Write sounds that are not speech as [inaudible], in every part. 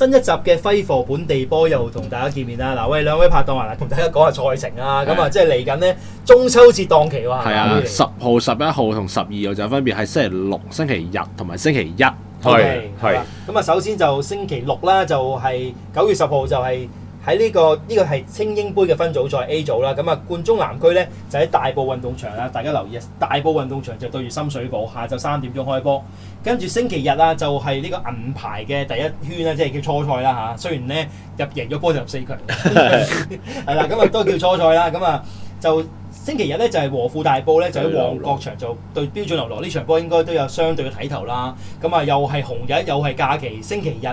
新一集嘅揮霍本地波又同大家見面啦！嗱，喂，兩位拍檔啊，同大家講下賽程啊，咁啊的，即係嚟緊呢中秋節檔期喎，係啊的，十、嗯、號、十一號同十二號就分別係星期六、星期日同埋星期一，係係。咁啊，首先就星期六啦，就係、是、九月十號就係、是。喺呢、這個呢、這個係青英杯嘅分組賽 A 組啦，咁啊冠中南區咧就喺大埔運動場啊，大家留意大埔運動場就對住深水埗，下晝三點鐘開波。跟住星期日啊，就係、是、呢個銀牌嘅第一圈啊，即係叫初賽啦吓，雖然咧入贏咗波就入四強，係啦， [laughs] [laughs] 咁啊都叫初賽啦。咁啊就星期日咧就係、是、和富大埔咧，就喺旺角場就對標準流浪呢、嗯、場波應該都有相對嘅睇頭啦。咁啊又係紅日又係假期星期日。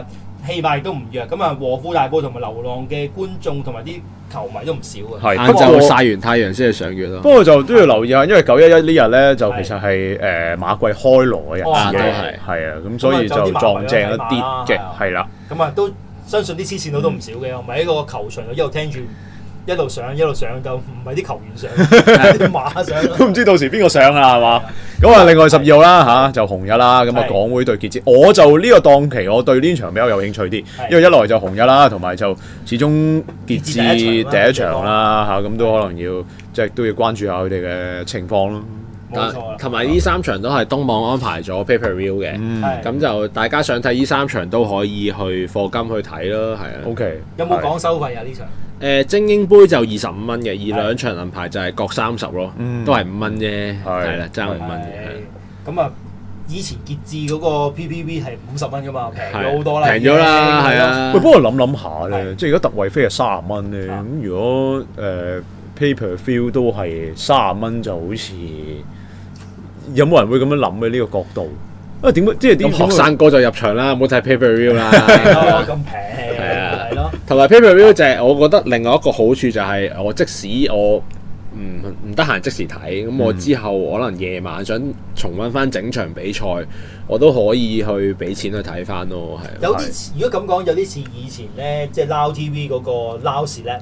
氣氛都唔弱，咁啊，和富大埔同埋流浪嘅觀眾同埋啲球迷都唔少嘅。係是，晏晝我曬完太陽先至賞月咯。不過我就都要留意啊，因為九一一呢日咧是就其實係誒、呃、馬季開鑼嘅日子嘅，係啊、哦，咁所以就撞正一啲嘅，係啦。咁啊，都相信啲黐線佬都唔少嘅，唔係喺個球場度一路聽住。一路上一路上就唔係啲球員上，啲馬上都唔知到時邊個上啊，係嘛？咁啊，另外十二號啦嚇就紅日啦，咁啊港會對傑志，我就呢個檔期，我對呢場比較有興趣啲，因為一來就紅日啦，同埋就始終傑志第一場啦嚇，咁都可能要即係都要關注下佢哋嘅情況咯。冇錯，同埋呢三場都係東網安排咗 paper view 嘅，咁就大家想睇呢三場都可以去課金去睇咯，係啊。OK，有冇講收費啊？呢場？誒，精英杯就二十五蚊嘅，而兩場銀牌就係各三十咯，都係五蚊啫，係啦，爭五蚊嘅。咁啊，以前傑志嗰個 PPV 係五十蚊噶嘛，平咗好多啦，平咗啦，係啊。不過諗諗下咧，即係如果特惠飛係三十蚊咧，咁如果誒 Paper View 都係三十蚊，就好似有冇人會咁樣諗嘅呢個角度？啊，點解？即係啲學生哥就入場啦，唔好睇 Paper View 啦，咁平。同埋 Pay Per View 就係我覺得另外一個好處就係我即使我唔唔得閒即時睇，咁我之後可能夜晚想重温翻整場比賽，我都可以去俾錢去睇翻咯。係。有啲如果咁講，有啲似以前咧，即係 Now TV 嗰個 Now Select，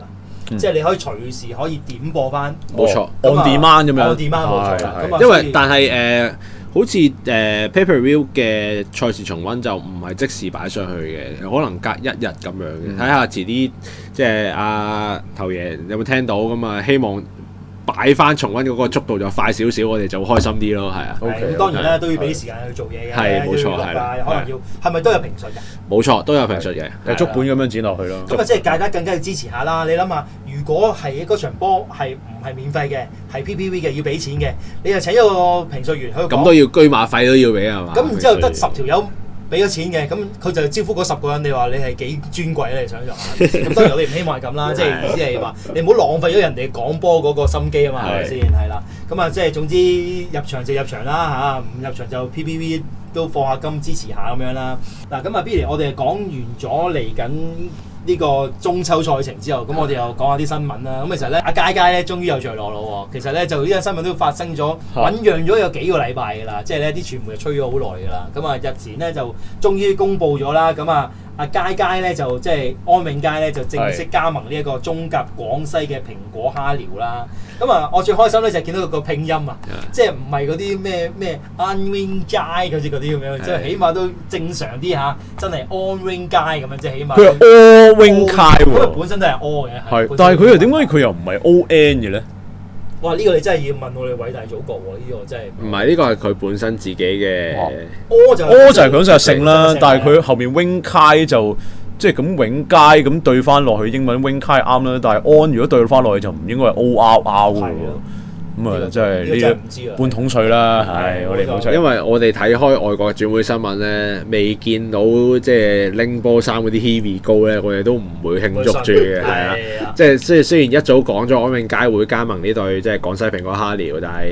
即係你可以隨時可以點播翻。冇錯，On Demand 咁樣。On Demand 冇錯，因為嗎但係誒。呃好似誒、uh, Pay-Per-View 嘅賽事重温就唔係即時擺上去嘅，可能隔一日咁樣，睇、嗯、下遲啲即係阿、啊、頭爺有冇聽到咁啊，希望。擺翻重温嗰個速度就快少少，我哋就開心啲咯，係啊。咁 Okay, okay, 當然咧都要俾時間去做嘢嘅，係冇、啊啊、可能要，係咪、啊、都有評述嘅？冇錯，都有評述嘅，有足本咁樣剪落去咯。咁啊，即係大家更加要支持下啦！你諗下，如果係嗰場波係唔係免費嘅，係 PPV 嘅要俾錢嘅，你就請一個評述員去講，咁都要車馬費都要俾啊嘛。咁然之後得十條友。俾咗錢嘅，咁佢就招呼嗰十個人。你話你係幾尊貴咧、啊？你想像下。咁 [laughs] 當然我哋唔希望咁啦， [laughs] 即係意思係你話，你唔好浪費咗人哋講波嗰個心機啊嘛，係咪先？係啦，咁啊，即係總之入場就入場啦嚇，唔入場就 PPV 都放下金支持下咁樣啦。嗱，咁啊 Billy 我哋係講完咗嚟緊。呢個中秋賽程之後，咁我哋又講下啲新聞啦。咁其實咧，阿佳佳咧，終於有着落啦。其實咧，就呢個新聞都發生咗、醞釀咗有幾個禮拜噶啦，即係咧啲傳媒就吹咗好耐噶啦。咁、嗯、啊，日前咧就終於公布咗啦。咁、嗯、啊～、嗯阿佳佳咧就即係安永佳咧就正式加盟呢一個中甲廣西嘅蘋果哈嘹啦。咁啊，我最開心咧就係見到佢個拼音啊，Yeah. 即係唔係嗰啲咩咩 unwin 街嗰啲嗰啲咁樣，即係 Yeah. 起碼都正常啲嚇，真係 onwin 街咁樣，即係起碼佢 onwin 街喎，哦、本身都係 On 嘅，係是，但係佢又點解佢又唔係 on 嘅咧？我呢、呢個你真係要問我哋偉大祖國喎？呢、呢個真係唔係，呢個係佢本身自己嘅。O、啊啊、就 O、是啊、就係佢想勝啦，但係佢後面 wing Kai 就即係咁永佳咁對翻落去英文 wing Kai 啱啦，但係安如果對翻落去就唔應該係 O R R 咁啊，嗯這個、真係呢啲半桶水啦，係、哎、我哋冇出。因為我哋睇開外國轉會新聞咧，未見到即係拎波衫嗰啲 heavy 高咧，我哋都唔會慶祝住嘅，係啊。即係即係雖然一早講咗安永佳會加盟呢隊，即係廣西蘋果哈爾，但係。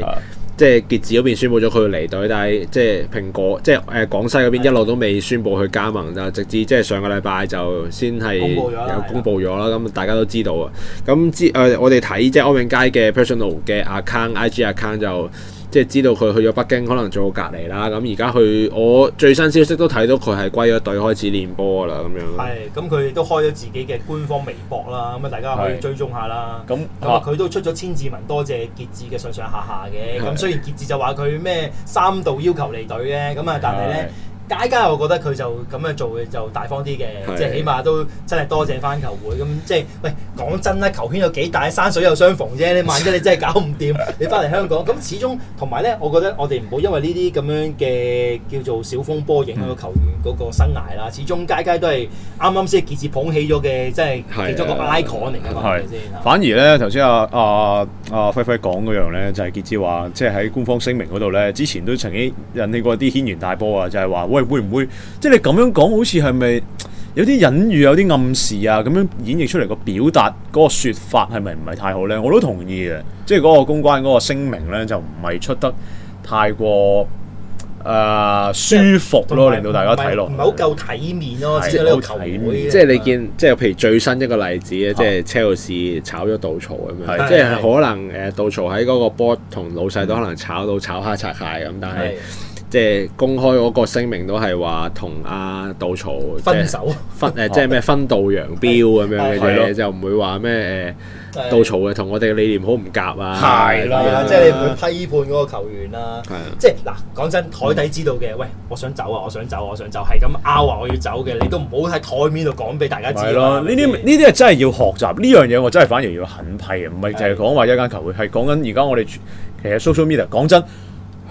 即係傑志嗰邊宣布咗佢要離隊，但係即係蘋果即係誒、呃、廣西嗰邊一路都未宣布去加盟，就直至即係上個禮拜就先係有公布咗啦。咁的大家都知道啊。咁之誒我哋睇即係安永佳嘅 personal 嘅 account、IG account 就。即係知道佢去咗北京，可能做隔離啦。咁而家去，我最新消息都睇到佢係歸咗隊開始練波啦。咁樣係，咁佢都開咗自己嘅官方微博啦。咁啊，大家可以追蹤下啦。咁咁啊，佢都出咗千字文，多謝傑志嘅上上下下嘅。咁是雖然傑志就話佢咩三度要求離隊嘅，咁啊，但係咧。佳佳，街街我覺得佢就咁樣做就大方啲嘅，即係的起碼都真係多謝翻球會。咁即係喂，講真啦，球圈有幾大，山水又相逢啫。你萬一你真係搞唔掂， [laughs] 你翻嚟香港，咁始終同埋咧，我覺得我哋唔好因為呢啲咁樣嘅叫做小風波影響個球員嗰個生涯啦。嗯、始終佳佳都係啱啱先係傑志捧起咗嘅，即係其中個 icon 嚟㗎嘛。係先的？的反而咧，頭先阿阿阿輝輝講嗰樣咧，就係傑志話，即係喺官方聲明嗰度咧，之前都曾經引起過啲軒然大波啊，就係、是、話會唔會即係你咁樣講，好似係咪有啲隱喻、有啲暗示啊？咁樣演繹出嚟個表達，嗰、嗰個說法係咪唔係太好咧？我都同意嘅，即係嗰個公關嗰個聲明咧，就唔係出得太過誒、呃、舒服咯、啊，令到大家睇落唔係好夠體面咯、啊，即係呢個球會。即係你見，即係譬如最新一個例子咧，即、就、係、是、車路士炒咗杜潮咁樣，即係、就是、可能誒，杜潮喺嗰個波同老細都可能炒到炒蝦拆蟹咁，但係。即係公開嗰個聲明都係話同阿杜草分手分誒，即係咩分道揚鑣咁樣嘅嘢，就唔會話咩誒杜草嘅同我哋嘅理念好唔夾啊，係啦，即係你唔會批判嗰個球員啦，啊，即係嗱講真，台底知道嘅，喂，我想走啊，我想走，我想走，係咁拗啊話我要走嘅，你都唔好喺台面度講俾大家知啦。呢啲呢啲係真係要學習呢樣嘢，我真係反而要狠批啊。唔係就係講話一間球會係講緊而家我哋其實 social media 講真。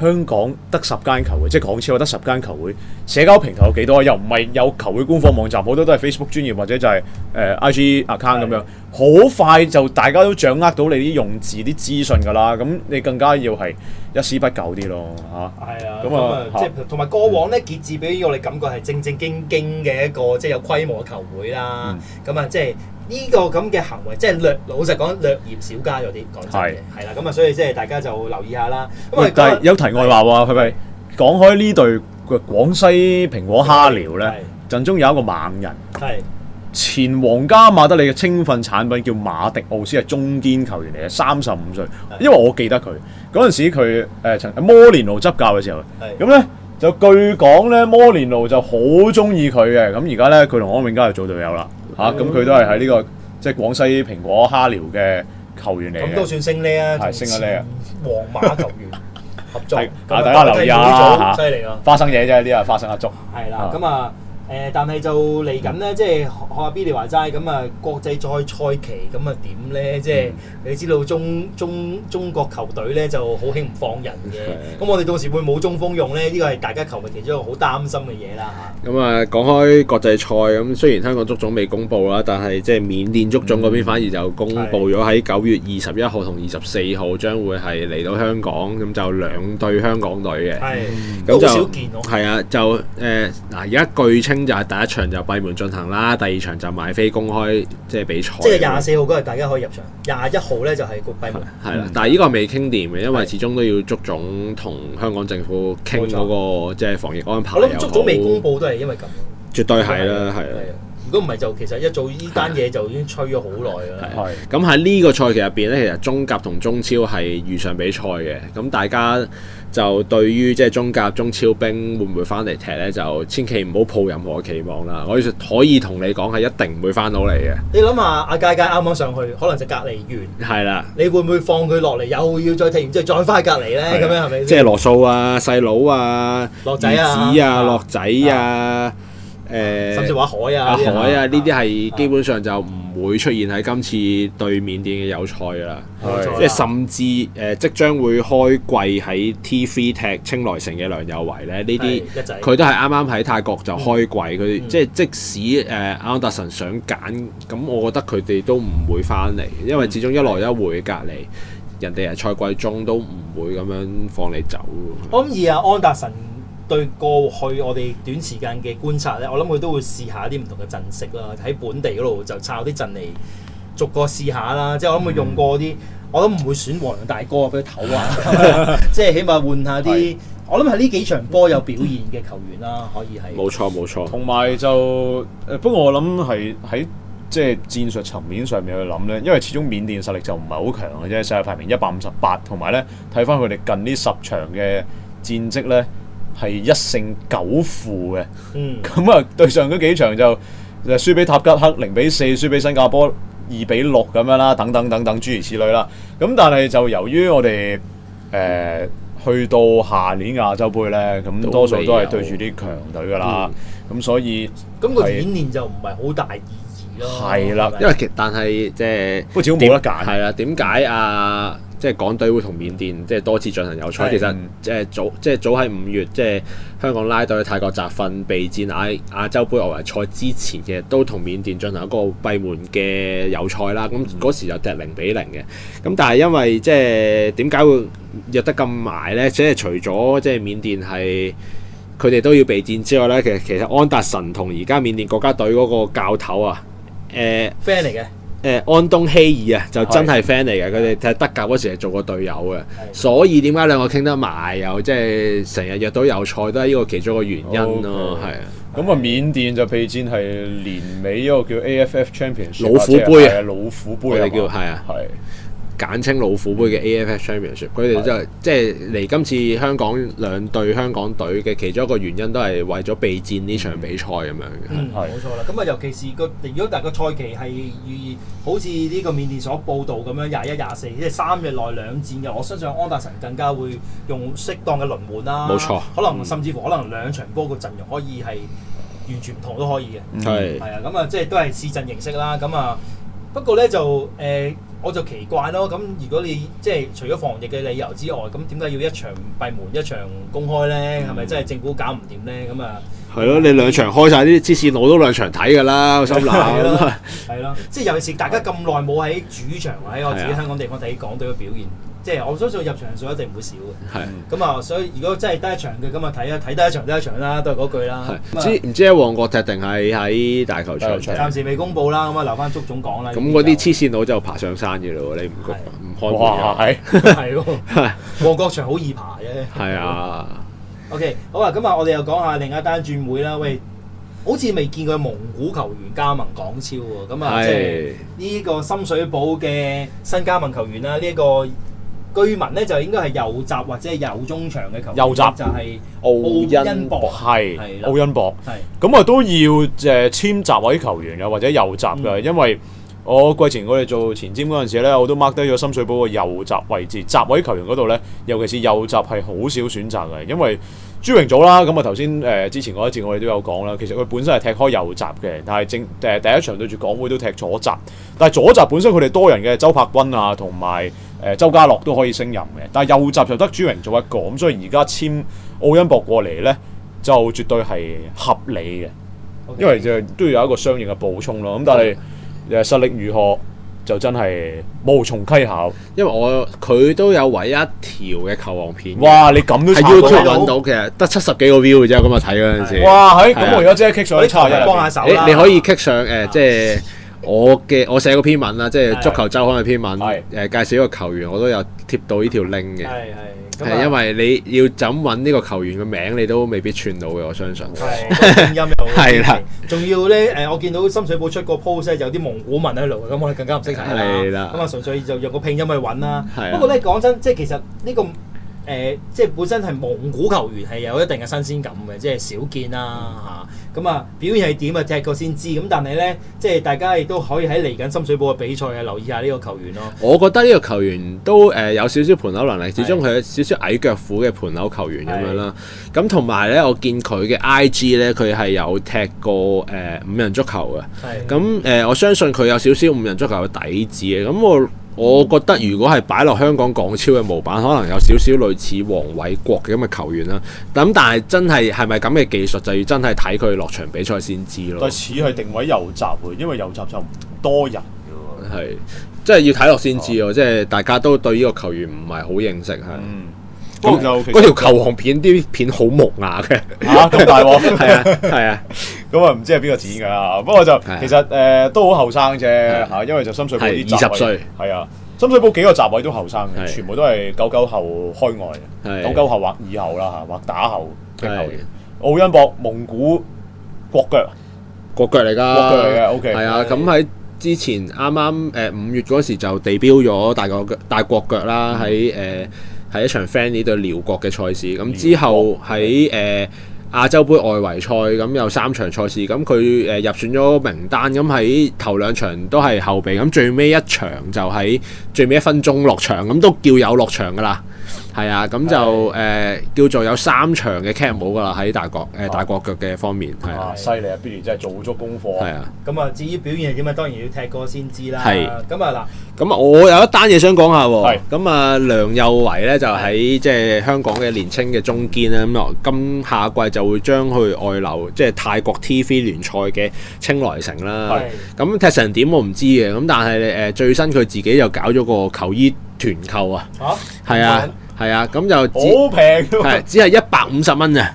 香港得十間球會，即係港超有得十間球會。社交平台有幾多？又唔係有球會官方網站，好多都係 Facebook 專頁或者就係、是、誒、uh, IG account 咁樣。好的快就大家都掌握到你啲用字啲資訊㗎啦。咁你更加要係。一絲不苟啲咯，嚇。係啊，咁啊，即係同埋過往咧，傑志俾我哋感覺係正正經經嘅一個即係有規模嘅球會啦。咁啊，即係呢個咁嘅行為，即係略，老實講，略嫌小家咗啲講真嘅。係啦，咁啊，所以即係大家就留意下啦。咁啊，有題外話喎，係咪講開呢隊嘅廣西平果哈嘹咧？陣中有一個猛人。係。前皇家馬德里嘅青訓產品叫馬迪奧斯，係中堅球員嚟嘅，三十五歲，因為我記得佢嗰陣時佢誒、呃、曾摩連奴執,執教嘅時候，咁咧是的 就據講咧摩連奴就好中意佢嘅，咁而家咧佢同安永佳做隊友啦，嚇咁佢都係喺呢個即係、就是、廣西蘋果哈聊嘅球員嚟嘅，咁都算升呢啊，同前皇馬球員合作，大家 [laughs] 留意啊，嚇，花生嘢啫，呢個係花生粒粥，係啦，咁啊。啊誒，但係就嚟緊咧，即係學下 Billy 話齋咁啊，國際賽賽期咁啊點咧？即係、嗯、你知道中中中國球隊咧就好興唔放人嘅，咁是的 我哋到時會冇中鋒用咧？呢個係大家球迷其中一個好擔心嘅嘢啦嚇。咁啊、嗯，講開國際賽咁，雖然香港足總未公布啦，但係即係緬甸足總嗰邊反而就公布咗喺九月二十一號同二十四號將會係嚟到香港，咁就兩隊香港隊嘅。係，好、嗯、就少見咯。係啊，就誒嗱，而、呃、家據稱。就係第一場就閉門進行啦，第二場就買飛公開即係比賽。即係廿四號嗰日大家可以入場，廿一號咧就係個閉門。係啦的，嗯、但係呢個未傾掂嘅，因為始終都要足總同香港政府傾嗰、那個錯即係防疫安排錯。好我諗足總未公布都係因為咁咯。絕對係啦，係啦。的的如果唔係就其實一做呢單嘢就已經吹咗好耐啦。係咁喺呢個賽期入邊咧，其實中甲同中超係遇上比賽嘅。咁大家就對於即係中甲中超兵會唔會翻嚟踢咧，就千祈唔好抱任何期望啦。我可以同你講係一定唔會翻到嚟嘅。你諗下，阿佳佳啱啱上去，可能就隔離完。係啦。你會唔會放佢落嚟，又要再踢完之後再翻隔離咧？咁樣係咪即係羅素啊，細佬啊，落仔啊子啊，樂仔啊。呃、甚至話海啊，海啊，呢啲係基本上就唔會出現喺今次對緬甸嘅友賽㗎啦。即係甚至誒、呃，即將會開季喺 T3 踢清萊城嘅梁有為咧，呢啲佢都係啱啱喺泰國就開季，佢、嗯、即係即使誒安達臣想揀，咁我覺得佢哋都唔會翻嚟，因為始終一來一回隔離，人哋係賽季中都唔會咁樣放你走。我諗而家安達臣。嗯嗯嗯嗯對過去我哋短時間嘅觀察咧，我諗佢都會試下啲唔同嘅陣式啦。喺本地嗰度就炒啲陣嚟逐個試下啦。即係我諗佢用過啲，嗯、我都唔會選黃大哥俾佢唞啊。即係 [laughs] [laughs] 起碼換下啲。的我諗係呢幾場波有表現嘅球員啦，可以係。冇錯冇錯。同埋就誒、呃，不過我諗係喺即係戰術層面上面去諗咧，因為始終緬甸實力就唔係好強嘅啫，世界排名一百五十八。同埋咧，睇翻佢哋近呢十場嘅戰績咧。呢呢係一勝九負嘅，咁啊、嗯嗯、對上嗰幾場就就輸俾塔吉克零比四，輸俾新加坡二比六咁樣啦，等等等等諸如此類啦。咁但係就由於我哋誒、呃、去到下年嘅亞洲盃咧，咁多數都係對住啲強隊噶啦，咁、嗯、所以咁、嗯、是個演練就唔係好大意義咯。係啦，吧因為其但係即係，不過只冇得揀。係啦，點解啊？即係港隊會同緬甸即係多次進行友賽，的其實即係早即係早喺五月，即係香港拉隊泰國集訓備戰亞亞洲杯外圍賽之前嘅，其實都同緬甸進行一個閉門嘅友賽啦。咁嗰、嗯、時就踢零比零嘅。咁但係因為即係點解會約得咁埋咧？即係除咗即係緬甸係佢哋都要備戰之外咧，其實其實安達臣同而家緬甸國家隊嗰個教頭啊，誒，friend 嚟嘅。誒，安東希爾啊，就真係 friend 嚟嘅，佢哋踢德甲嗰時係做過隊友嘅，所以點解兩個傾得埋，又即係成日約到有賽都係呢個其中一個原因咯，係啊。咁啊，緬甸就備戰係年尾一個叫 AFF Champion 老虎杯啊，老虎杯佢哋叫係啊，係。簡稱老虎杯嘅 AFF Championship，就是、S Championship，佢哋就即係嚟今次香港兩隊香港隊嘅其中一個原因都係為咗備戰呢場比賽咁樣嘅，係冇錯啦。咁啊，尤其是個如果大個賽期係好似呢個緬甸所報道咁樣廿一廿四，21, 24，即係三日內兩戰嘅，我相信安達臣更加會用適當嘅輪換啦。冇錯，可能、嗯、甚至乎可能兩場波個陣容可以係完全唔同都可以嘅，係係啊。咁、嗯、啊，即係都係試陣形式啦。咁啊，不過咧就誒。呃呃嗯我就奇怪咯，咁如果你即係除咗防疫嘅理由之外，咁點解要一場閉門一場公開咧？係咪、嗯、真係政府搞唔掂咧？咁啊，係咯，你兩場開晒啲黐線佬我都兩場睇㗎啦，我心諗，係咯、啊，即係、 [laughs] 啊啊、尤其是大家咁耐冇喺主場喺我自己香港地方睇港隊嘅表現。即係我相信入場數一定唔會少嘅。係。咁啊，所以如果真係得一場嘅，咁啊睇一睇得一場得一場啦，都係嗰句啦。係。知唔知喺旺角踢定係喺大球場？暫時未公佈啦，咁啊留翻足總講啦。咁嗰啲黐線佬就爬上山嘅咯喎，你唔覺？唔看？哇！係。喎。旺角場好易爬嘅。係啊。OK，好啊，咁啊，我哋又講下另一單轉會啦。喂，好似未見過佢蒙古球員加盟港超喎。咁啊，即係呢個深水埗嘅新加盟球員啦，呢一個。居民咧就應該係右閘或者右中場嘅球員，右閘就係奧恩博，係奧恩博，係咁啊都要誒、呃、簽閘位球員又或者右閘嘅，嗯、因為我季前我哋做前瞻嗰陣時咧，我都 mark 低咗深水埗個右閘位置，閘位球員嗰度咧，尤其是右閘係好少選擇嘅，因為朱榮祖啦，咁啊頭先誒之前嗰一節我哋都有講啦，其實佢本身係踢開右閘嘅，但係正誒第一場對住港會都踢左閘，但係左閘本身佢哋多人嘅，周柏君啊同埋。誒周家樂都可以升任嘅，但係右閘就得朱明做一個，咁所以而家簽奧恩博過嚟咧，就絕對係合理嘅，Okay. 因為就都要有一個相應嘅補充咯。咁但係誒實力如何就真係無從稽考。因為我佢都有唯一一條嘅球王片哇！你咁都喺 YouTube 揾到嘅，得七十幾個 view 嘅啫。咁、欸、啊睇嗰陣時，哇！喺咁我而家即刻棘上，啲菜入嚟幫下手你可以棘上誒即係。我嘅我寫個篇文啦，即係足球周刊嘅篇文，誒對、呃、介紹一個球員，我都有貼到呢條 link 嘅，係因為你要怎揾呢個球員嘅名，你都未必串到嘅，我相信。係。拼音又 [laughs] 啦，仲要咧誒，我見到深水埗出個 post 有啲蒙古文喺度，咁我哋更加唔識睇啦。係啦。咁啊，純粹就用個拼音去揾啦。係。不過咧，講真，即係其實呢、呢個誒、呃，即係本身係蒙古球員係有一定嘅新鮮感嘅，即係少見、啊、啦嚇。咁啊，表現係點啊？踢過先知。咁但係呢，即係大家亦都可以喺嚟緊深水埗嘅比賽啊，留意下呢個球員咯。我覺得呢個球員都誒、呃、有少少盤扭能力，始終佢有少少矮腳虎嘅盤扭球員咁樣啦。咁同埋呢，我見佢嘅 IG 呢，佢係有踢過誒、呃、五人足球嘅。咁誒的、呃，我相信佢有少少五人足球嘅底子嘅。咁我。我覺得如果係擺落香港港超嘅模板，可能有少少類似黃偉國嘅咁嘅球員啦。咁但係真係係咪咁嘅技術，就要真係睇佢落場比賽先知咯。類似去定位右閘，因為右閘就唔多人嘅，係，即係、就是、要睇落先知喎。即係、啊、大家都對呢個球員唔係好認識，係。嗯。嗰條球王片，啲片好木牙嘅嚇，咁大鑊。係啊，係啊，咁啊，唔知係邊個剪㗎啊。不過就其實誒都好後生啫嚇，因為就深水埗二十歲，係啊，深水埗幾個閘位都後生嘅，全部都係九九後開外，九九後或以後啦嚇，或打後嘅球員。奧恩博蒙古國腳，國腳嚟㗎，國腳嚟嘅。O K，係啊，咁喺之前啱啱誒五月嗰時就地標咗大個大國腳啦，喺誒。係一場 friendly 對遼國嘅賽事，咁之後喺誒、呃、亞洲杯外圍賽，咁有三場賽事，咁佢誒入選咗名單，咁喺頭兩場都係後備，咁最尾一場就喺最尾一分鐘落場，咁都叫有落場㗎喇。係啊，咁就誒叫做有三場嘅 cap 冇㗎喇，喺大國誒大國腳嘅方面，係啊，犀利啊！必如真係做足功課。係啊，咁啊至於表現點啊，當然要踢過先知啦。係，咁啊嗱，咁我有一單嘢想講下喎。係，咁啊梁又維咧就喺即係香港嘅年青嘅中堅咧，咁啊今夏季就會將去外流，即係泰國 TV 聯賽嘅清萊城啦。係，咁踢成點我唔知嘅，咁但係誒最新佢自己又搞咗個球衣團購啊。嚇，係啊。係啊，咁就好平，都係只係一百五十蚊啊！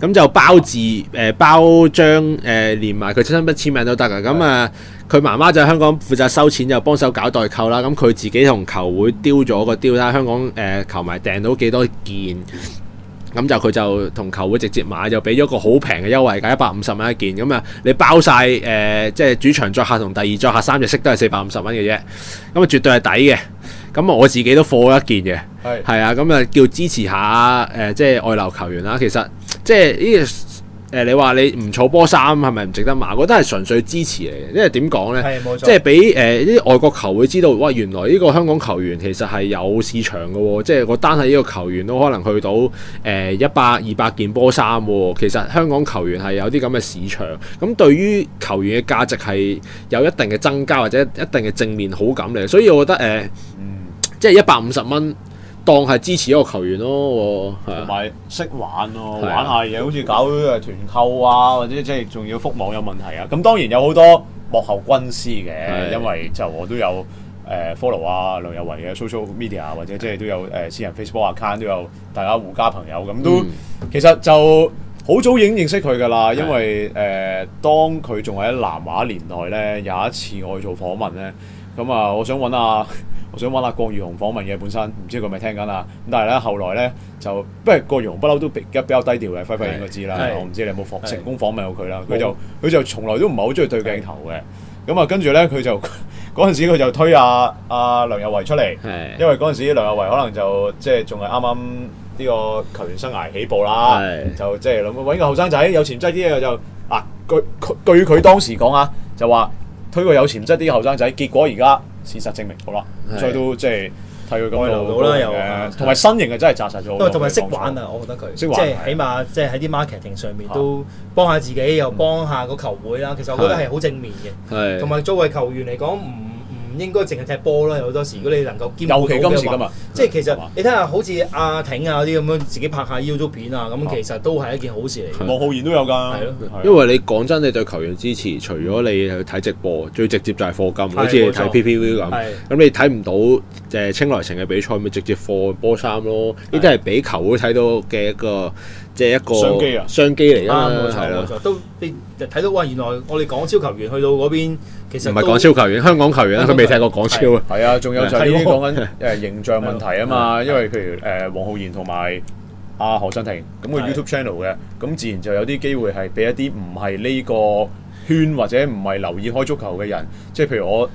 咁就包字，誒包章，誒、呃、連埋佢親身筆簽名都得啊！咁啊，佢、呃、媽媽就喺香港負責收錢，就幫手搞代購啦。咁佢自己同球會丟咗個丟啦，香港誒、呃、球迷訂到幾多件，咁就佢就同球會直接買，就俾咗個好平嘅優惠價，一百五十蚊一件。咁啊，你包晒，誒、呃，即、就、係、是、主場、作客同第二作客三隻色都係四百五十蚊嘅啫。咁啊，絕對係抵嘅。咁我自己都貨一件嘅，係啊，咁啊叫支持下，誒，即係外流球員啦。其實即係呢個，誒，你話你唔儲波衫，係咪唔值得買？我覺得係純粹支持嚟嘅，因為點講呢？即係俾誒啲外國球會知道，哇！原來呢個香港球員其實係有市場嘅喎，即係我單係呢個球員都可能去到誒一百二百件波衫喎。其實香港球員係有啲咁嘅市場，咁對於球員嘅價值係有一定嘅增加或者一定嘅正面好感嚟，所以我覺得誒。呃，嗯即係一百五十蚊當係支持一個球員咯，同埋識玩咯、啊，啊、玩下嘢，好似搞誒團購啊，或者即係仲要覆網有問題啊。咁當然有好多幕後軍師嘅，啊、因為就我都有、呃、follow 啊，梁有為嘅 social media，或者即係都有誒、呃、私人 Facebook account，都有大家互加朋友咁都。嗯、其實就好早已經認識佢㗎喇，啊、因為誒、呃、當佢仲喺南華年代咧，有一次我去做訪問咧，咁啊，我想揾阿。我想揾下郭雨雄訪問嘅本身，唔知佢咪聽緊啦。咁但係咧，後來咧就不過郭雨雄不嬲都而家比較低調嘅，輝輝應該知啦。是我唔知你有冇訪成功訪問到佢啦。佢的就佢就從來都唔係好中意對鏡頭嘅。咁啊的，跟住咧，佢就嗰陣時佢就推啊阿、啊、梁又維出嚟，的因為嗰陣時梁又維可能就即係仲係啱啱呢個球員生涯起步啦，的就即係揾個後生仔有潛質啲嘅就，就啊，據佢據佢當時講啊，就話推個有潛質啲後生仔，結果而家。事實證明好啦，再以都即係睇佢咁樣。開路到啦，又同埋身形係，真係紮實咗。都同埋識玩啊，我覺得佢，即係起碼即係喺啲 marketing 上面都幫下自己，又幫下個球會啦。其實我覺得係好正面嘅，同埋作為球員嚟講唔。唔應該淨係踢波啦，有好多時。如果你能夠兼其顧嘅話，即係其實你睇下，吧好似阿挺啊嗰啲咁樣，自己拍下 YouTube 片啊，咁吧其實都係一件好事嚟。王是浩然都有㗎，啊啊、因為你講真，你對球員支持，除咗你去睇直播，最直接就係課金，好似睇 PPV 咁。咁你睇唔到誒青來城嘅比賽，咪直接課波衫咯？呢啲係俾球會睇到嘅一個。即係一個商機嚟噶，冇錯冇錯，都你睇到喂，原來我哋港超球員去到嗰邊，其實唔係港超球員，香港球員啦，佢未踢過港超啊。係啊，仲有就係啲講緊誒形象問題啊嘛。因為譬如誒黃、呃、浩然同埋阿何振霆咁個 YouTube channel 嘅，咁對自然就有啲機會係俾一啲唔係呢個圈或者唔係留意開足球嘅人，即係譬如我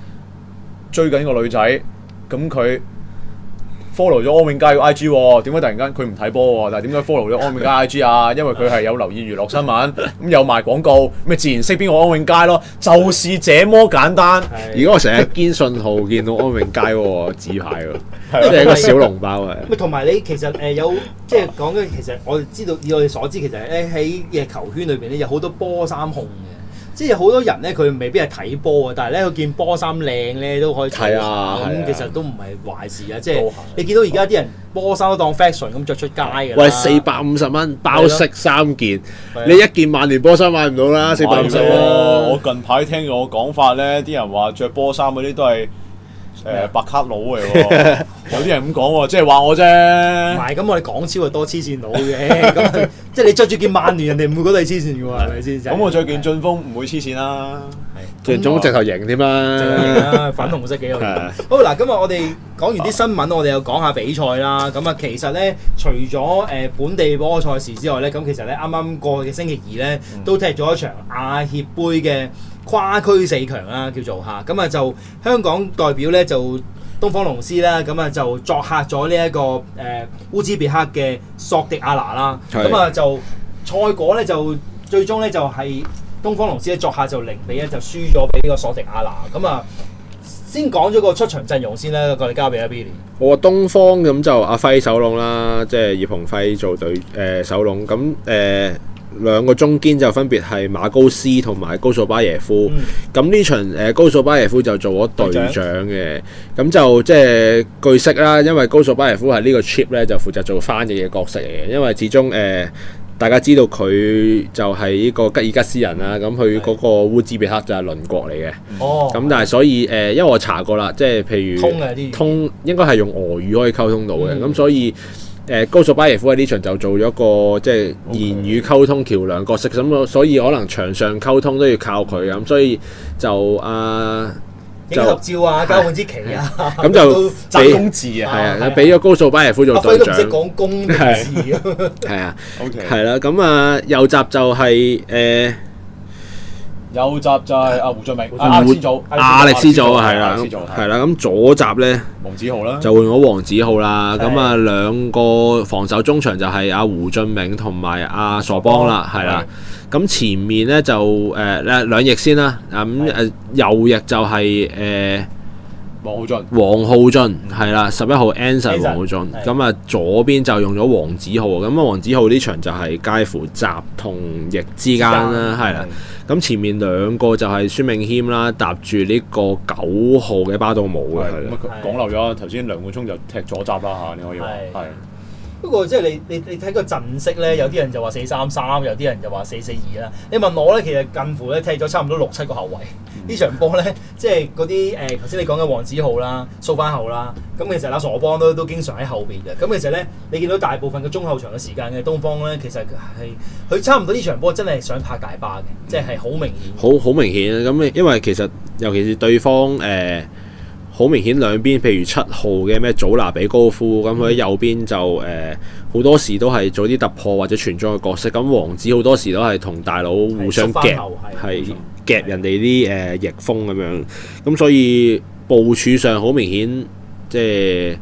追緊個女仔，咁佢。follow 咗安永佳個 IG 喎，點解突然間佢唔睇波喎？但係點解 follow 咗安永佳 IG 啊？因為佢係有留意娛樂新聞，咁有賣廣告，咪自然識邊個安永佳咯。就是這麼簡單。如果的我成日堅信號見到安永佳喎，紙牌喎，即係 [laughs] 的一個小籠包啊！同埋的你其實誒有即係講緊，其實我哋知道以我哋所知，其實誒喺野球圈裏邊咧有好多波衫控即係好多人咧，佢未必係睇波啊，但係咧佢見波衫靚咧都可以睇下，咁、啊啊嗯、其實都唔係壞事啊！是即係你見到而家啲人波衫、嗯、都當 fashion 咁着出街嘅。喂，四百五十蚊包識三件，啊、你一件萬年波衫買唔到啦，四百五十。我近排聽我講法咧，啲人話着波衫嗰啲都係。誒白卡佬嚟喎，有啲人咁、就是 [laughs] 嗯、講喎，即係話我啫。唔係，咁我哋港超就多黐線佬嘅，咁即係你着住件曼聯，人哋唔會覺得你黐線嘅喎，係咪先？咁我著件晉峰唔會黐線啦，最 [laughs] 對總直頭贏添啦，粉紅色幾有型。好嗱，今日我哋講完啲新聞，我哋又講下比賽啦。咁啊，其實咧，除咗誒本地嗰個賽事之外咧，咁其實咧，啱啱過去嘅星期二咧，都踢咗一場亞協杯嘅。跨區四強啦，叫做嚇，咁、嗯、啊就香港代表咧就東方龍獅啦，咁啊就作客咗呢一個誒烏茲別克嘅索迪亞拿啦，咁啊就賽果咧就最終咧就係東方龍獅咧作客就零比一就輸咗俾呢個索迪亞拿，咁啊先講咗個出場陣容先啦，我哋交俾阿 Billy。我東方咁就阿輝守龍啦，即係葉鴻輝做隊誒、呃、守龍，咁誒。呃兩個中堅就分別係馬高斯同埋高素巴耶夫，咁呢、嗯、場誒高素巴耶夫就做咗隊長嘅，咁長就即係、就是、據悉啦，因為高素巴耶夫係呢個 trip 咧就負責做翻譯嘅角色嚟嘅，因為始終誒、呃、大家知道佢就係呢個吉爾吉斯人啦，咁佢嗰個烏茲別克就係鄰國嚟嘅，咁、哦、但係所以誒、呃，因為我查過啦，即、就、係、是、譬如通，通應該係用俄語可以溝通到嘅，咁、嗯、所以。誒高素巴耶夫喺呢場就做咗個即係言語溝通橋樑角色，咁所以可能場上溝通都要靠佢咁，所以就啊影合照啊，交換支旗啊，咁就讚公字啊，係啊，俾咗高素巴耶夫做隊長。阿輝都講公字啊，係啊，OK，係啦，咁啊右閘就係誒。右閘就係阿胡俊明，阿力斯祖係啦，係啦。咁左閘咧，黃子豪啦，就換咗黃子豪啦。咁啊，兩個防守中場就係阿胡俊明同埋阿傻邦啦，係啦。咁前面咧就誒誒兩翼先啦，咁誒右翼就係誒。王浩俊，王浩俊係啦，十一號 Anson 王浩俊，咁啊左邊就用咗黃子浩，咁啊黃子浩呢場就係介乎閘同翼之間啦，係啦，咁前面兩個就係孫銘謙啦，搭住呢個九號嘅巴道帽嘅，係啦。講漏咗，頭先梁冠聰就踢咗閘啦吓，你可以話係。不過即係你你你睇個陣式咧，有啲人就話四三三，有啲人就話四四二啦。你問我咧，其實近乎咧踢咗差唔多六七個後衞呢場波咧，即係嗰啲誒頭先你講嘅黃子浩啦、蘇番後啦，咁其實阿傻邦都都經常喺後邊嘅。咁其實咧，你見到大部分嘅中後場嘅時間嘅東方咧，其實係佢差唔多呢場波真係想拍大巴嘅，即係好，好明顯。好好明顯，咁因為其實尤其是對方誒。呃好明顯，兩邊譬如七號嘅咩祖拿比高夫咁，佢喺右邊就誒好、呃、多時都係做啲突破或者傳中嘅角色。咁王子好多時都係同大佬互相夾，係夾人哋啲誒逆風咁樣。咁所以部署上好明顯，即、呃、係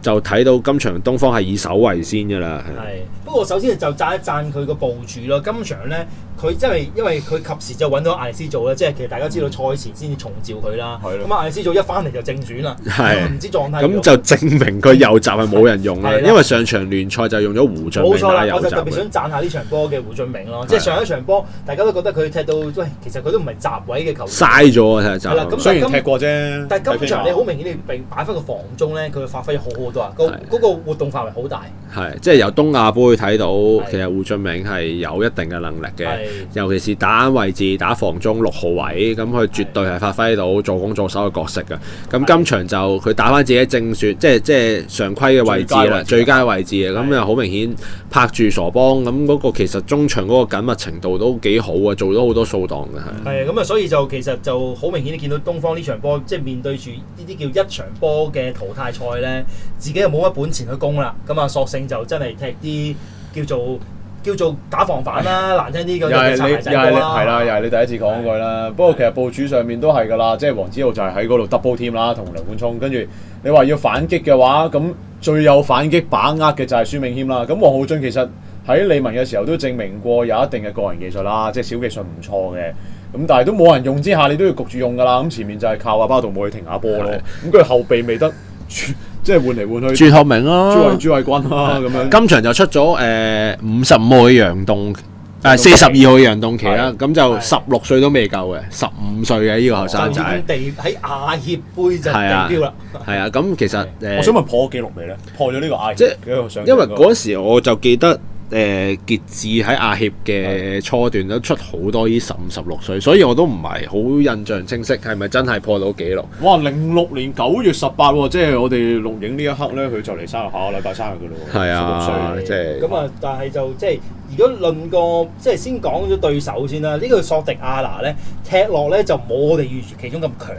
就睇到今場東方係以守為先㗎啦。係不過首先就讚一讚佢個部署咯。今場咧。佢即係因為佢及時就揾到艾利斯做啦，即係其實大家知道賽前先至重召佢啦。咁啊，艾利斯做一翻嚟就正選啦，唔知狀態。咁就證明佢右閘係冇人用啦，因為上場聯賽就用咗胡俊明打右閘。冇錯啦，我就特別想讚下呢場波嘅胡俊明咯，即係上一場波大家都覺得佢踢到喂，其實佢都唔係閘位嘅球員嘥咗啊，其實就雖然踢過啫，但係今場你好明顯你並擺翻個防中咧，佢發揮好好多啊，嗰嗰個活動範圍好大。係，即係由東亞杯睇到，其實胡俊明係有一定嘅能力嘅。尤其是打位置打防中六號位，咁佢絕對係發揮到助攻助守嘅角色嘅。咁今場就佢打翻自己正選，即係即係常規嘅位置啦，最佳位置。咁又好明顯拍住傻幫，咁嗰個其實中場嗰個緊密程度都幾好啊，做咗好多掃檔嘅係。係啊，咁啊，所以就其實就好明顯你見到東方呢場波，即係面對住呢啲叫一場波嘅淘汰賽咧，自己又冇乜本錢去攻啦。咁啊，索性就真係踢啲叫做叫做假防反啦，啊，難聽啲叫又拆你仔噶啦。係啦，又係你第一次講一句啦。的不過其實部署上面都係噶啦，即係黃子浩就係喺嗰度 double team 啦，同劉冠聰。跟住你話要反擊嘅話，咁最有反擊把握嘅就係孫銘謙啦。咁黃浩俊其實喺理文嘅時候都證明過有一定嘅個人技術啦，即係小技術唔錯嘅。咁但係都冇人用之下，你都要焗住用噶啦。咁前面就係靠阿包同冇去停下波咯。咁佢的、嗯、後備未得。呃即係換嚟換去，朱學明咯，朱慧朱慧君咯咁樣。今場就出咗誒五十五號嘅楊棟，誒四十二號嘅楊棟奇啦。咁就十六歲都未夠嘅，十五歲嘅呢個後生仔。喺亞協杯就定標啦。係啊，咁其實我想問破咗紀錄未咧？破咗呢個亞協，因為嗰時我就記得。誒傑志喺亞協嘅初段都出好多依十五十六歲，所以我都唔係好印象清晰是是，係咪真係破到紀錄？哇！零六年九月十八喎，即係我哋錄影呢一刻咧，佢就嚟生日，下個禮拜生日嘅嘞，十六歲即係。咁啊，歲就是、但係就即係。就是如果論個即係先講咗對手先啦，呢個索迪亞拿咧踢落咧就冇我哋預期中咁強。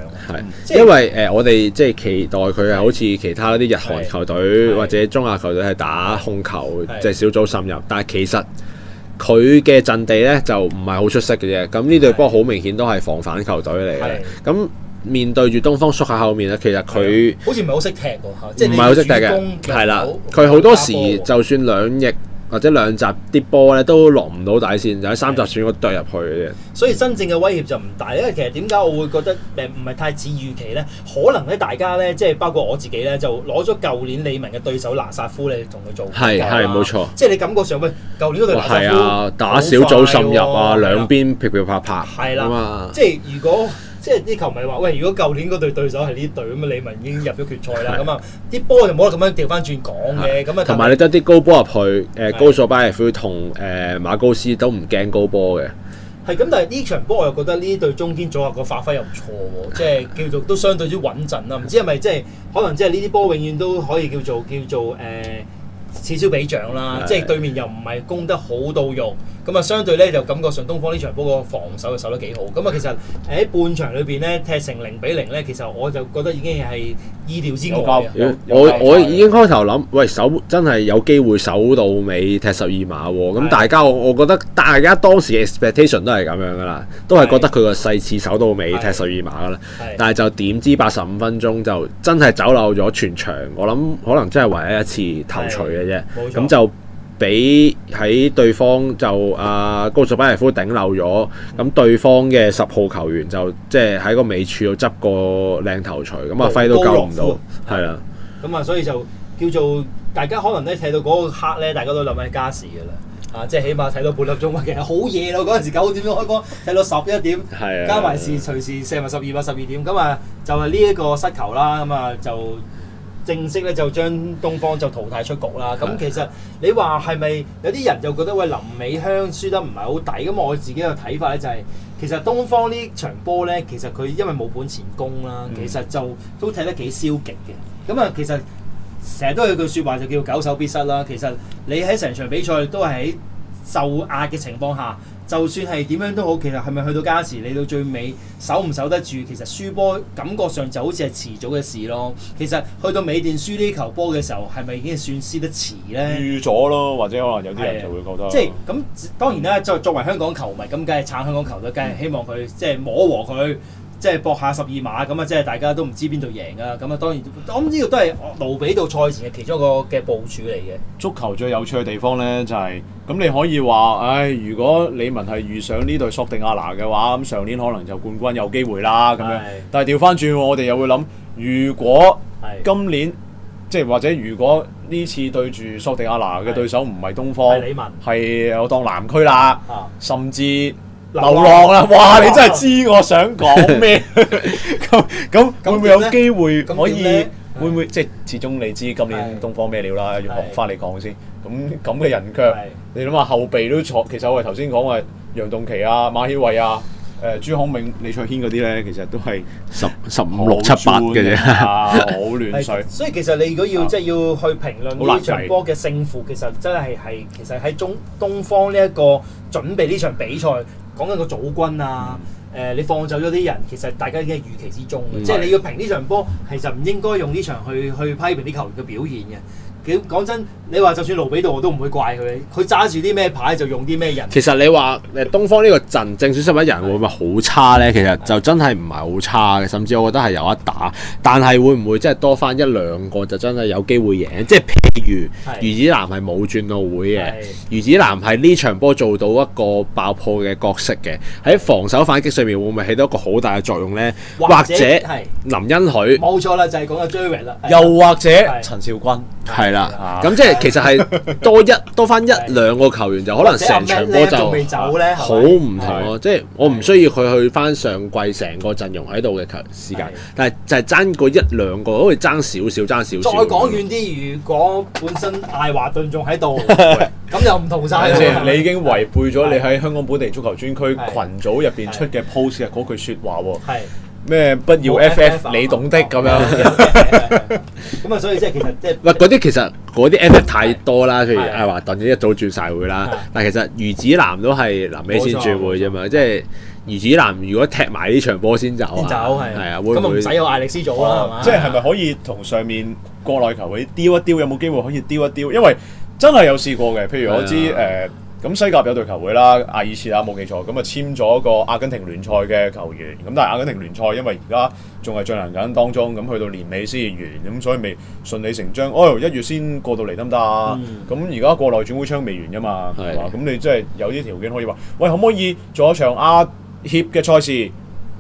係，因為誒我哋即係期待佢係好似其他啲日韓球隊或者中亞球隊係打控球，即係小組滲入。但係其實佢嘅陣地咧就唔係好出色嘅啫。咁呢隊波好明顯都係防反球隊嚟嘅。咁面對住東方縮喺後面咧，其實佢好似唔係好識踢即唔係好識踢嘅。係啦，佢好多時就算兩翼。或者兩集啲波咧都落唔到底線，就喺的三集選嗰度入去嘅。所以真正嘅威脅就唔大，因為其實點解我會覺得誒唔係太似預期咧？可能咧大家咧即係包括我自己咧，就攞咗舊年理文嘅對手納薩夫嚟同佢做，係係冇錯。即係你感覺上喂，舊年嗰隊納薩夫好快喎。係啊，哦，打小組滲入啊，啊的兩邊噼噼啪啪。係啦嘛，即係如果。即係啲球迷話，喂！如果舊年嗰隊對手係呢隊，咁啊李文已經入咗決賽啦，咁啊啲波就冇得咁樣掉翻轉講嘅，咁啊同埋你得啲高波入去，誒高數班尼夫同誒馬高斯都唔驚高波嘅。係咁，但係呢場波我又覺得呢隊中堅組合個發揮又唔錯，的即係叫做都相對之穩陣啊。唔知係咪即係可能即係呢啲波永遠都可以叫做叫做誒、呃、此消彼長啦，即係的對面又唔係攻得好到肉。咁啊，就相對咧就感覺上東方呢場波個防守就守得幾好。咁啊，其實喺半場裏邊咧踢成零比零咧，其實我就覺得已經係意料之內。我我已經開頭諗，喂，守真係有機會守到尾踢十二碼喎。咁的大家我我覺得，大家而家當時嘅 expectation 都係咁樣噶啦，都係覺得佢個細次守到尾踢十二碼噶啦。但係就點知八十五分鐘就真係走漏咗全場。我諗可能真係唯一一次頭槌嘅啫。咁就。俾喺對方就阿高索班尼夫頂漏咗，咁對方嘅十號球員就即係喺個尾處度執個靚頭槌，咁啊輝都救唔到，係啦。咁啊，所以就叫做大家可能咧睇到嗰個刻咧，大家都諗緊加時噶啦，啊即係起碼睇到半粒鐘。其實好夜咯，嗰陣時九點鐘開波，睇到十一點，加埋是隨時射埋十二或十二點。咁啊就係呢一個失球啦，咁啊就。正式咧就將東方就淘汰出局啦。咁是的 其實你話係咪有啲人就覺得喂林美香輸得唔係好抵？咁我自己嘅睇法咧就係，其實東方呢場波咧，其實佢因為冇本錢攻啦，其實就都踢得幾消極嘅。咁啊，其實成日都有句説話就叫久守必失啦。其實你喺成場比賽都係喺受壓嘅情況下。就算係點樣都好，其實係咪去到加時，你到最尾守唔守得住？其實輸波感覺上就好似係遲早嘅事咯。其實去到尾段輸呢球波嘅時候，係咪已經算輸得遲咧？輸咗咯，或者可能有啲人就會覺得。即係咁，當然啦。作作為香港球迷，咁梗係撐香港球隊，梗係希望佢即係摸和佢。即係搏下十二碼咁啊！即係大家都唔知邊度贏啊！咁啊，當然，我諗呢個都係盧比度賽前嘅其中一個嘅部署嚟嘅。足球最有趣嘅地方咧，就係、是、咁你可以話，唉，如果李文係遇上呢隊索迪亞拿嘅話，咁、嗯、上年可能就冠軍有機會啦。咁樣，是但係掉返轉，我哋又會諗，如果今年即係是、就是、或者如果呢次對住索迪亞拿嘅對手唔係東方，係李文，係我當南區啦，啊啊、甚至，流浪啊！哇，浪你真係知我想講咩？咁咁 [laughs] 會唔會有機會可以樣樣會唔會的即係始終你知今年東方咩料啦？的要學翻嚟講先。咁咁嘅人腳，的你諗下後備都坐。其實我哋頭先講話楊棟琪啊、馬曉偉啊、誒、呃、朱孔銘、李卓軒嗰啲咧，其實都係十十,十五尊六七八嘅啫，冇、啊、亂水。 [laughs] 所以其實你如果要即係、就是、要去評論呢場波嘅勝負，其實真係係其實喺中東方呢一個準備呢場比賽。講緊個組軍啊，誒、嗯呃，你放走咗啲人，其實大家已經喺預期之中是的 即係你要評呢場波，其實唔應該用呢場去去批評啲球員嘅表現嘅。講真，你話就算路比到我都唔會怪佢。佢揸住啲咩牌就用啲咩人。其實你話誒東方呢個陣正選失份人會唔會好差咧？的其實就真係唔係好差嘅，甚至我覺得係有得打。但係會唔會真係多返一兩個就真係有機會贏？即係譬如茹子南係冇轉到會嘅，茹的子南係呢場波做到一個爆破嘅角色嘅，喺防守反擊上面會唔會起到一個好大嘅作用咧？或者，或者的林欣許冇錯啦，就係、是、講阿 Jarry 啦。又或者陳少君係。咁即係其實係多一多翻一兩個球員就可能成場波就未走好唔同咯，即係我唔需要佢去翻上季成個陣容喺度嘅球時間，但係就係爭過一兩個，可以爭少少，爭少少。再講遠啲，如果本身艾華頓仲喺度，咁又唔同晒。你已經違背咗你喺香港本地足球專區群組入邊出嘅 post 嗰句説話喎。咩不要 FF，你懂的，咁樣。咁啊，所以即係其實即係，唔嗰啲其實嗰啲 FF 太多啦，譬如阿華頓一早轉晒會啦。但係其實余子南都係臨尾先轉會啫嘛，即係余子南如果踢埋呢場波先走啊，係啊，會唔使有艾力斯做啦？即係係咪可以同上面國內球會丟一丟，有冇機會可以丟一丟？因為真係有試過嘅，譬如我知誒。咁西甲有隊球會啦，亞爾切啊，冇記錯，咁啊簽咗個阿根廷聯賽嘅球員，咁但係阿根廷聯賽因為而家仲係進行緊當中，咁去到年尾先至完，咁所以未順理成章，哦、哎、一月先過到嚟得唔得？咁而家國內轉會窗未完啫嘛，係咁的你即係有啲條件可以話，喂可唔可以做一場亞協嘅賽事？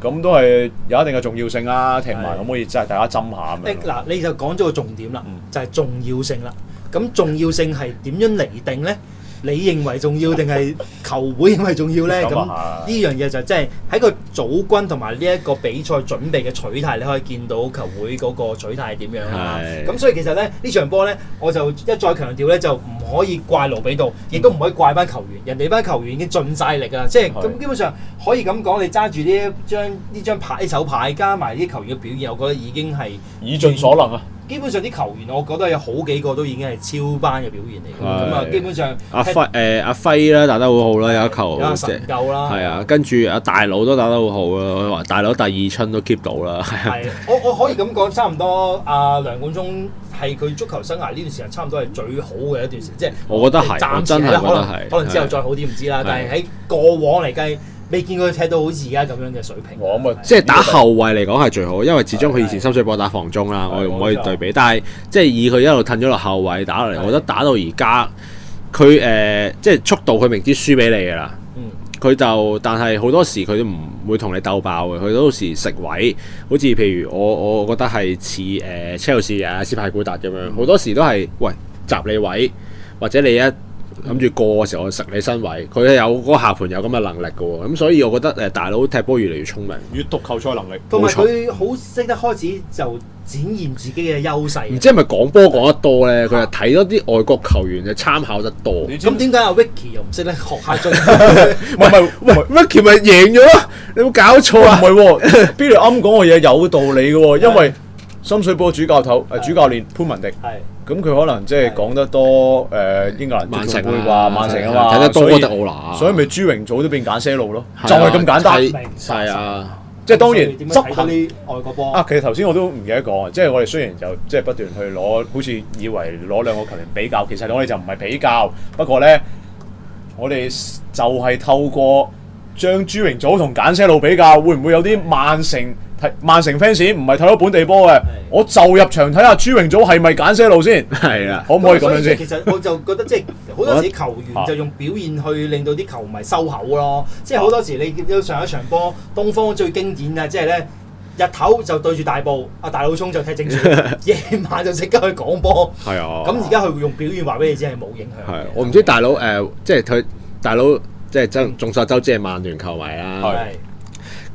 咁都係有一定嘅重要性啦、啊。聽」停埋的可唔可以即係大家斟下？的嗱、嗯，你就講咗個重點啦，就係、是、重要性啦。咁重要性係點樣嚟定咧？你認為重要定係球會認為重要咧？咁呢樣嘢就即係喺個組軍同埋呢一個比賽準備嘅取態，你可以見到球會嗰個取態係點樣啦。咁是的 所以其實咧呢場波咧，我就一再強調咧，就唔可以怪盧比度，亦都唔可以怪班球員。嗯、人哋班球員已經盡晒力啦，即係咁基本上可以咁講。你揸住呢一張呢張牌手牌，加埋啲球員嘅表現，我覺得已經係已盡所能啊！基本上啲球員，我覺得有好幾個都已經係超班嘅表現嚟嘅。咁啊，基本上阿輝誒阿輝啦，打得好好啦，有一球成夠啦。係啊，跟住阿大佬都打得好好啦，大佬第二春都 keep 到啦。係啊，我我可以咁講，差唔多阿梁冠中係佢足球生涯呢段時間，差唔多係最好嘅一段時間，即係我覺得係暫時咧，可能可能之後再好啲唔知啦。但係喺過往嚟計。未見佢踢到好似而家咁樣嘅水平，我即係打後衞嚟講係最好，因為始終佢以前深水埗打防中啦，的我唔可以對比。的但係即係以佢一路褪咗落後衞打落嚟，的我覺得打到而家佢誒即係速度，佢明知輸俾你噶啦，佢的就但係好多時佢都唔會同你鬥爆嘅，佢好多時食位，好似譬如我我覺得係似誒 Chelsea 誒斯派古達咁樣，好多時都係喂集你位或者你一。諗住過嘅時候我食你身位，佢係有嗰下盤有咁嘅能力嘅，咁所以我覺得誒大佬踢波越嚟越聰明，閱讀球賽能力，同埋佢好識得開始就展現自己嘅優勢。唔知係咪講波講得多咧，佢係睇多啲外國球員就參考得多。咁點解阿 Vicky 又唔識咧？學校樽，唔係唔係，Vicky 咪贏咗？你冇搞錯啊？唔係，Billy 啱講嘅嘢有道理嘅，因為深水埗主教頭誒主教練潘文迪係。咁佢可能即係講得多，誒、呃、的英格蘭曼城會話曼城啊嘛，得好難，所以咪朱的以榮祖都變簡些路咯，的就係咁簡單，係啊，即係當然執下啲外國波啊。其實頭先我都唔記得講，即係我哋雖然就即係不斷去攞，好似以為攞兩個球員比較，其實我哋就唔係比較。不過咧，我哋就係透過將朱榮祖同簡些路比較，會唔會有啲曼城？曼城 fans 唔係睇到本地波嘅，我就入場睇下朱榮祖係咪揀些路先。係啊，可唔可以咁樣先？其實我就覺得即係好多時球員就用表現去令到啲球迷收口咯。即係好多時你上一場波，東方最經典啊，即係咧日頭就對住大埔，阿大佬聰就踢正選，夜晚就即刻去講波。係啊，咁而家佢會用表現話俾你知係冇影響。係我唔知大佬誒，即係佢大佬即係周，眾所周知係曼聯球迷啦。係。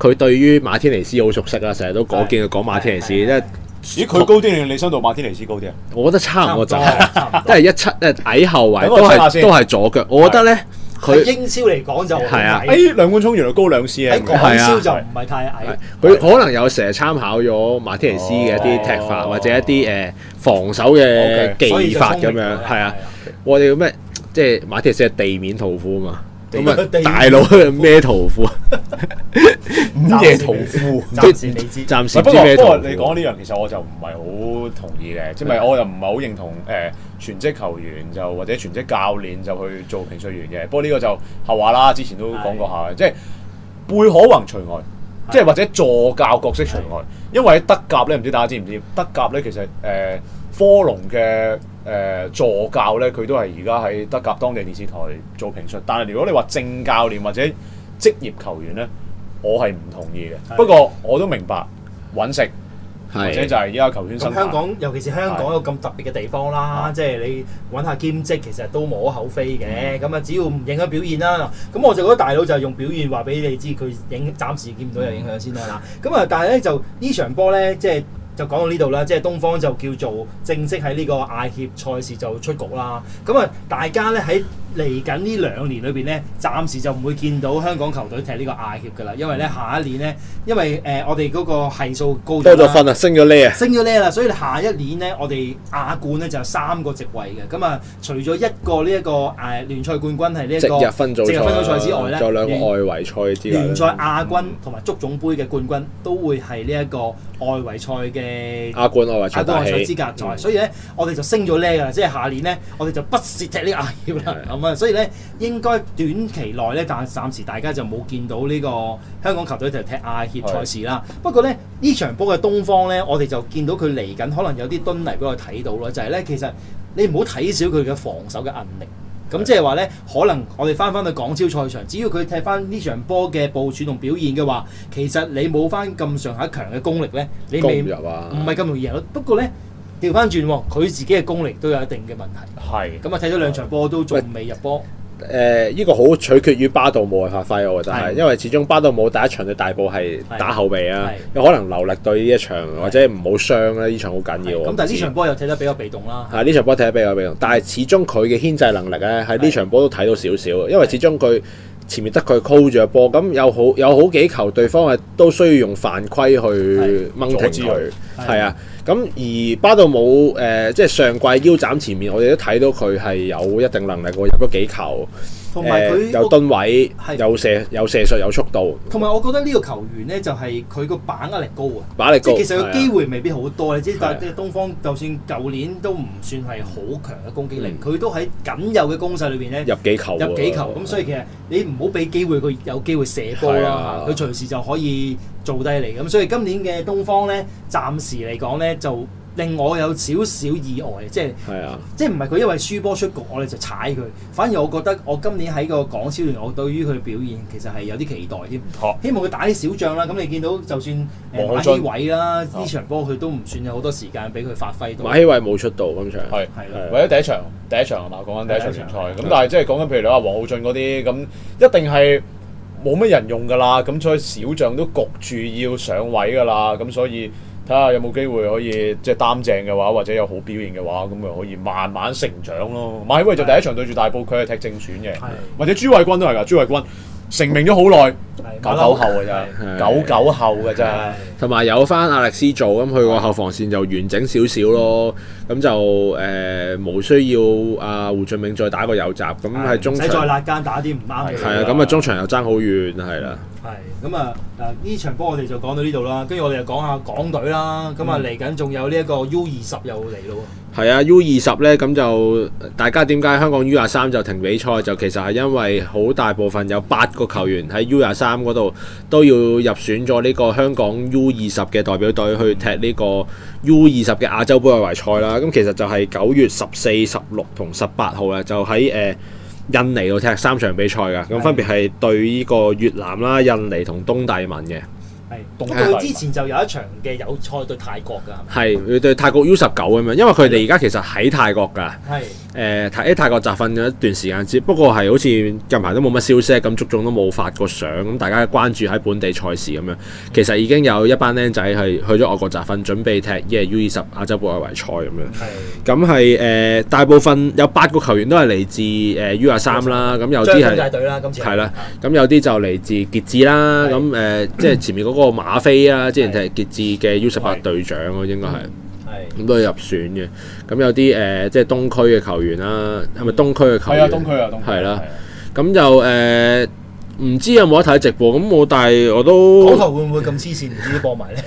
佢對於馬天尼斯好熟悉啦，成日都我見佢講馬天尼斯，即係咦佢高啲你李到道馬天尼斯高啲啊？我覺得差唔多就係，即係一七，都係矮後衞，都係都係左腳。我覺得咧，佢英超嚟講就矮。誒梁冠聰原來高兩次嘅喺港超就唔係太矮。佢可能有成日參考咗馬天尼斯嘅一啲踢法或者一啲誒防守嘅技法咁樣，係啊。我哋叫咩？即係馬天尼斯係地面屠夫啊嘛！咁啊，上大佬咩屠夫啊？午夜屠夫，暫時你 [laughs] 麼知，暫時不，不，不過不過你講呢樣，其實我就唔係好同意嘅，即係咪我又唔係好認同誒、呃、全職球員就或者全職教練就去做評述員嘅。不過呢個就後話啦，之前都講過下的即係貝可宏除外，即係的或者助教角，角色除外，的因為喺德甲咧，唔知大家知唔知？德甲咧其實誒。呃科隆嘅誒助教咧，佢都係而家喺德甲當地電視台做評述。但係如果你話正教練或者職業球員咧，我係唔同意嘅。的不過我都明白揾食，的或者就係而家球員。咁香港，尤其是香港有咁特別嘅地方啦，即係的你揾下兼職，其實都冇可厚非嘅。咁啊的，只要唔影響表現啦，咁我就覺得大佬就係用表現話俾你知，佢影暫時見唔到有影響先啦。咁啊的， [laughs] 但係咧就呢場波咧，即係。就講到呢度啦，即係東方就叫做正式喺呢個亞協賽事就出局啦。咁啊，大家咧喺嚟緊呢兩年裏邊咧，暫時就唔會見到香港球隊踢呢個亞協嘅啦。因為咧下一年咧，因為誒、呃、我哋嗰個係數高咗，多咗分啊，升咗呢啊，升咗呢啦。所以下一年咧，我哋亞冠咧就有三個席位嘅。咁啊，除咗一個呢一個誒聯賽冠軍係呢一個直入，入，入分組賽之外咧，有兩個外圍賽之你聯賽亞軍同埋足總杯嘅冠軍都會係呢一個外圍賽嘅。亞冠我話資格賽，嗯、所以咧我哋就升咗叻 e 啦，即、就、係、是、下年咧我哋就不屑踢呢阿協啦，咁啊，所以咧應該短期內咧，暫暫時大家就冇見到呢個香港球隊就踢阿協賽事啦。是的 不過咧呢場波嘅東方咧，我哋就見到佢嚟緊可能有啲蹲泥俾我睇到咯，就係、是、咧其實你唔好睇少佢嘅防守嘅韌力。咁即係話咧，可能我哋翻翻去港超賽場，只要佢踢翻呢場波嘅部署同表現嘅話，其實你冇翻咁上下強嘅功力咧，你未入呀，唔係咁容易贏。不過咧，調翻轉喎，佢自己嘅功力都有一定嘅問題。係的，咁啊踢咗兩場波都仲未入波。呃呃呃誒依、呃，呢個好取決於巴道姆嘅發揮，我覺得係，因為始終巴道姆第一場嘅大步係打後備啊，有可能流力對呢一場的或者唔好傷咧，呢場好緊要。咁的但係呢場波又踢得比較被動啦。係呢場波踢得比較被動，但係始終佢嘅牽制能力咧喺呢場波都睇到少少，的因為始終佢。前面得佢扣住個波，咁有好有好幾球對方係都需要用犯規去掹停佢，係啊。咁而巴杜冇誒，即、呃、係、即係、上季腰斬前面，我哋都睇到佢係有一定能力，入咗幾球。同埋佢有盾位的有，有射有射術，有速度。同埋我覺得呢個球員咧，就係佢個把握力高啊！把力高，即係其實個機會的未必好多你知，即係但係東方就算舊年都唔算係好強嘅攻擊力，佢的都喺僅有嘅攻勢裏邊咧，入幾球，入幾球咁。所以其實你唔好俾機會佢有機會射波啊。佢的隨時就可以做低你咁。所以今年嘅東方咧，暫時嚟講咧就。令我有少少意外，即係即係唔係佢因為輸波出局，我哋就踩佢。反而我覺得我今年喺個港超聯，我對於佢表現其實係有啲期待添。希望佢打啲小將啦。咁你見到就算馬希偉啦，呢場波佢都唔算有好多時間俾佢發揮。馬希偉冇出到。咁場，係係為咗第一場，第一場係嘛？講緊第一場比賽。咁但係即係講緊譬如你話王浩俊嗰啲，咁一定係冇乜人用噶啦。咁所以小將都焗住要上位噶啦。咁所以。睇下有冇機會可以，即係擔正嘅話，或者有好表現嘅話，咁咪可以慢慢成長咯。馬希偉就第一場對住大埔，佢係踢正選嘅，的或者朱偉君都係㗎。朱偉君成名咗好耐。九九後嘅啫，九九後嘅啫。同埋是是有翻阿力斯做，咁佢個後防線就完整少少咯。咁、嗯、就誒、呃、無需要阿、啊、胡俊銘再打個右閘。咁、嗯、喺、啊、在中場，唔使再拉間打啲唔啱嘅。係的啊，咁啊中場又爭好遠係啦。係，咁啊啊呢、啊、場波我哋就講到呢度啦。跟住我哋就講下港隊啦。咁啊嚟緊仲有呢一個 U 二十又嚟咯喎。係啊，U 二十咧，咁就大家點解香港 U 廿三就停比賽？就其實係因為好大部分有八個球員喺 U 廿三嗰度都要入選咗呢個香港 U 二十嘅代表隊去踢呢個 U 二十嘅亞洲盃外圍賽啦。咁其實就係九月十四、十六同十八號啊，就喺誒印尼度踢三場比賽㗎。咁分別係對呢個越南啦、印尼同東帝汶嘅。咁之前就有一場嘅友賽對泰國㗎，係咪？係對泰國 U 十九咁樣，因為佢哋而家其實喺泰國㗎。係誒泰喺泰國集訓咗一段時間，只不過係好似近排都冇乜消息，咁足總都冇發過相，咁大家關注喺本地賽事咁樣。其實已經有一班僆仔係去咗外國集訓，準備踢二係 U 二十亞洲盃外圍賽咁樣。係咁係誒，大部分有八個球員都係嚟自誒 U 廿三啦，咁有啲係張家隊啦，咁的有啲就嚟自傑志啦，咁誒的、呃、即係前面嗰、嗰個個馬飛啊，之前踢傑志嘅 U 十八隊長咯，應該係，咁都係入選嘅。咁有啲誒、呃，即係東區嘅球員啦、啊，係咪、嗯、東區嘅球員？係啊、嗯，東區啊，東區。係啦，咁就。誒、呃。唔知有冇得睇直播，咁我但係我都港台會唔會咁黐線，唔知都播埋咧？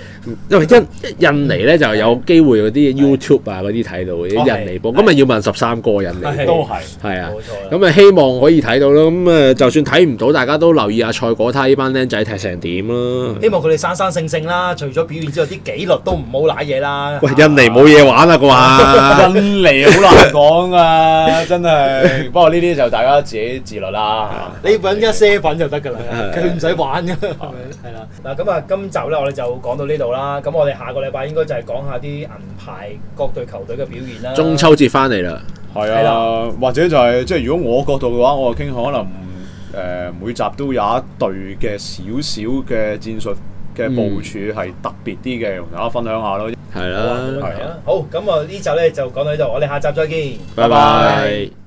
因為印印尼咧就係有機會嗰啲 YouTube 啊嗰啲睇到嘅，印尼播，咁咪要問十三個印尼播都係係啊，冇錯。咁咪希望可以睇到咯。咁啊，就算睇唔到，大家都留意下賽果，睇呢班僆仔踢成點啦。希望佢哋生生性性啦，除咗表現之外，啲紀律都唔好賴嘢啦。喂，印尼冇嘢玩喇，個話印尼好難講啊，真係。不過呢啲就大家自己自律啦。你揾一 seven。就得噶啦，佢唔使玩㗎，係啦的。嗱咁啊，今集咧我哋就講到呢度啦。咁我哋下個禮拜應該就係講下啲銀牌各隊球隊嘅表現啦。中秋節翻嚟啦，係啊的，的或者就係、是、即係如果我角度嘅話，我就傾可能誒、呃，每集都有一隊嘅少少嘅戰術嘅部署係特別啲嘅，同大家分享下咯。係啦的，係啦、啊。的好，咁啊呢集咧就講到呢度，我哋下集再見，拜拜。